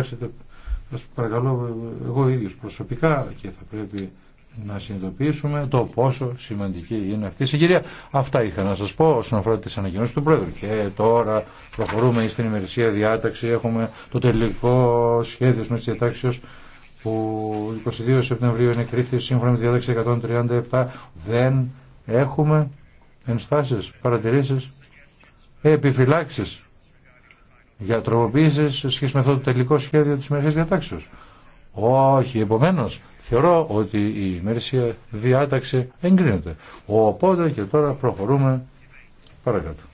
Σας παρακαλώ εγώ ίδιος προσωπικά και θα πρέπει να συνειδητοποιήσουμε το πόσο σημαντική είναι αυτή η συγκυρία. Αυτά είχα να σας πω όσον αφορά τις ανακοινώσεις του Πρόεδρου. Και τώρα προχωρούμε στην ημερησία διάταξη. Έχουμε το τελικό σχέδιο με τις διατάξεις που 22 Σεπτεμβρίου είναι κρίθη σύμφωνα με τη διάταξη 137. Δεν έχουμε ενστάσεις, παρατηρήσεις, επιφυλάξεις για τροποποίηση σε σχέση με αυτό το τελικό σχέδιο της μερική διατάξεως. Όχι, επομένω. θεωρώ ότι η ημερήσια διάταξη εγκρίνεται. Οπότε και τώρα προχωρούμε παρακάτω.